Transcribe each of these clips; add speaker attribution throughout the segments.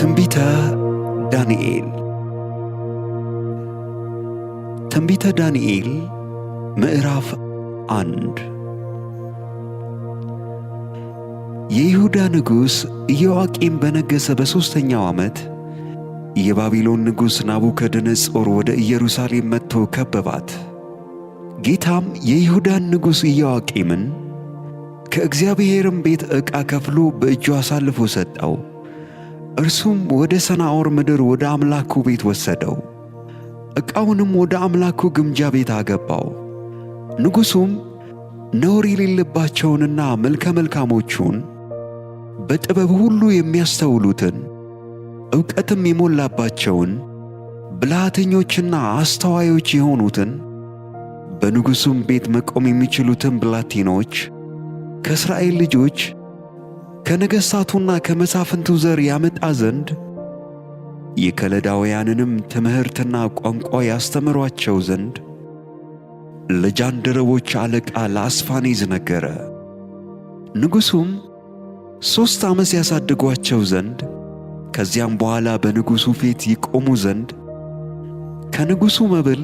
Speaker 1: ትንቢተ ዳንኤል ትንቢተ ዳንኤል ምዕራፍ አንድ የይሁዳ ንጉሥ ኢዮአቄም በነገሠ በሦስተኛው ዓመት የባቢሎን ንጉሥ ናቡከደነጾር ወደ ኢየሩሳሌም መጥቶ ከበባት። ጌታም የይሁዳን ንጉሥ ኢዮአቄምን ከእግዚአብሔርም ቤት ዕቃ ከፍሎ በእጁ አሳልፎ ሰጠው። እርሱም ወደ ሰናዖር ምድር ወደ አምላኩ ቤት ወሰደው። ዕቃውንም ወደ አምላኩ ግምጃ ቤት አገባው። ንጉሡም ነውር የሌለባቸውንና መልከ መልካሞቹን በጥበብ ሁሉ የሚያስተውሉትን ዕውቀትም የሞላባቸውን ብልሃተኞችና አስተዋዮች የሆኑትን በንጉሡም ቤት መቆም የሚችሉትን ብላቴኖች ከእስራኤል ልጆች ከነገሥታቱና ከመሳፍንቱ ዘር ያመጣ ዘንድ የከለዳውያንንም ትምህርትና ቋንቋ ያስተምሯቸው ዘንድ ለጃንደረቦች አለቃ ለአስፋኔዝ ነገረ። ንጉሡም ሦስት ዓመት ያሳድጓቸው ዘንድ ከዚያም በኋላ በንጉሡ ፊት ይቆሙ ዘንድ ከንጉሡ መብል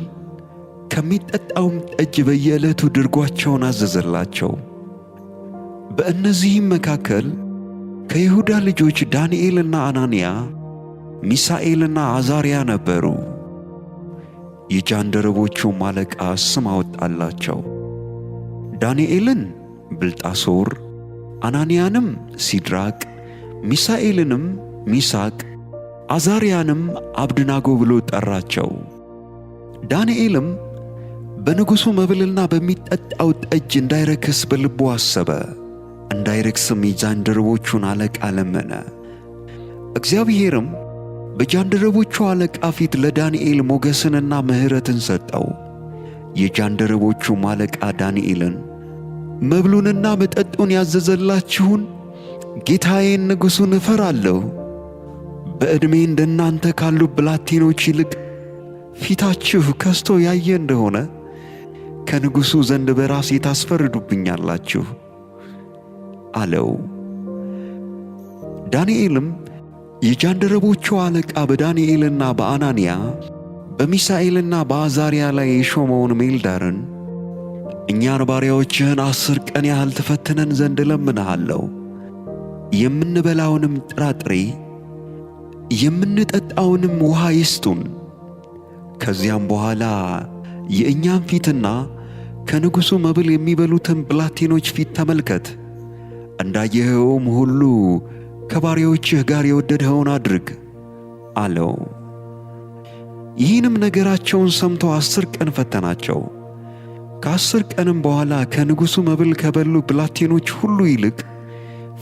Speaker 1: ከሚጠጣውም ጠጅ በየዕለቱ ድርጓቸውን አዘዘላቸው። በእነዚህም መካከል ከይሁዳ ልጆች ዳንኤልና አናንያ ሚሳኤልና አዛርያ ነበሩ። የጃንደረቦቹም አለቃ ስም አወጣላቸው። ዳንኤልን ብልጣሶር፣ አናንያንም ሲድራቅ፣ ሚሳኤልንም ሚሳቅ፣ አዛርያንም አብድናጎ ብሎ ጠራቸው። ዳንኤልም በንጉሡ መብልና በሚጠጣው ጠጅ እንዳይረክስ በልቡ አሰበ። እንዳይረክስም የጃንደረቦቹን አለቃ ለመነ። እግዚአብሔርም በጃንደረቦቹ አለቃ ፊት ለዳንኤል ሞገስንና ምሕረትን ሰጠው። የጃንደረቦቹም አለቃ ዳንኤልን መብሉንና መጠጡን ያዘዘላችሁን ጌታዬን ንጉሡን እፈራለሁ። በዕድሜ እንደ እናንተ ካሉ ብላቴኖች ይልቅ ፊታችሁ ከስቶ ያየ እንደሆነ ከንጉሡ ዘንድ በራሴ ታስፈርዱብኛላችሁ። አለው። ዳንኤልም የጃንደረቦቹ አለቃ በዳንኤልና በአናንያ በሚሳኤልና በአዛርያ ላይ የሾመውን ሜልዳርን እኛን ባሪያዎችህን አስር ቀን ያህል ትፈትነን ዘንድ እለምንሃለሁ፣ የምንበላውንም ጥራጥሬ የምንጠጣውንም ውሃ ይስጡን። ከዚያም በኋላ የእኛም ፊትና ከንጉሡ መብል የሚበሉትን ብላቴኖች ፊት ተመልከት እንዳየኸውም ሁሉ ከባሪያዎችህ ጋር የወደድኸውን አድርግ አለው። ይህንም ነገራቸውን ሰምተው አስር ቀን ፈተናቸው። ከአስር ቀንም በኋላ ከንጉሡ መብል ከበሉ ብላቴኖች ሁሉ ይልቅ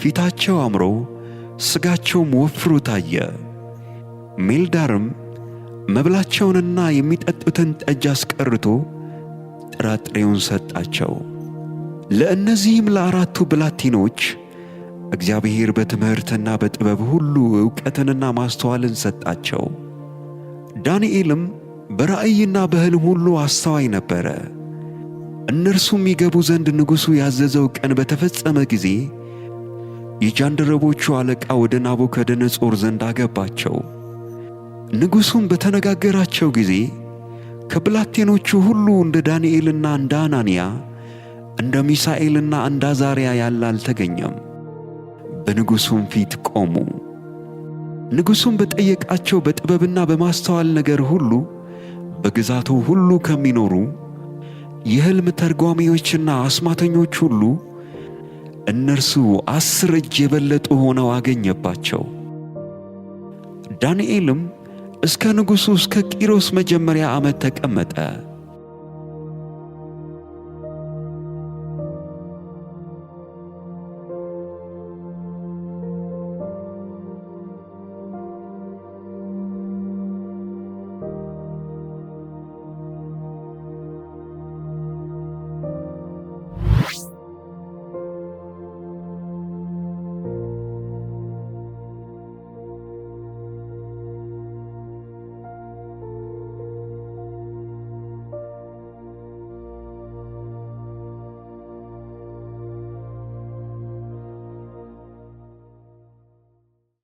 Speaker 1: ፊታቸው አምሮ ሥጋቸውም ወፍሩ ታየ። ሜልዳርም መብላቸውንና የሚጠጡትን ጠጅ አስቀርቶ ጥራጥሬውን ሰጣቸው። ለእነዚህም ለአራቱ ብላቴኖች እግዚአብሔር በትምህርትና በጥበብ ሁሉ ዕውቀትንና ማስተዋልን ሰጣቸው። ዳንኤልም በራእይና በሕልም ሁሉ አስተዋይ ነበረ። እነርሱም ይገቡ ዘንድ ንጉሡ ያዘዘው ቀን በተፈጸመ ጊዜ የጃንደረቦቹ አለቃ ወደ ናቡከደነፆር ዘንድ አገባቸው። ንጉሡም በተነጋገራቸው ጊዜ ከብላቴኖቹ ሁሉ እንደ ዳንኤልና እንደ አናንያ እንደ ሚሳኤልና እንደ አዛርያ ያለ አልተገኘም። በንጉሡም ፊት ቆሙ። ንጉሡም በጠየቃቸው በጥበብና በማስተዋል ነገር ሁሉ በግዛቱ ሁሉ ከሚኖሩ የሕልም ተርጓሚዎችና አስማተኞች ሁሉ እነርሱ አስር እጅ የበለጡ ሆነው አገኘባቸው። ዳንኤልም እስከ ንጉሡ እስከ ቂሮስ መጀመሪያ ዓመት ተቀመጠ።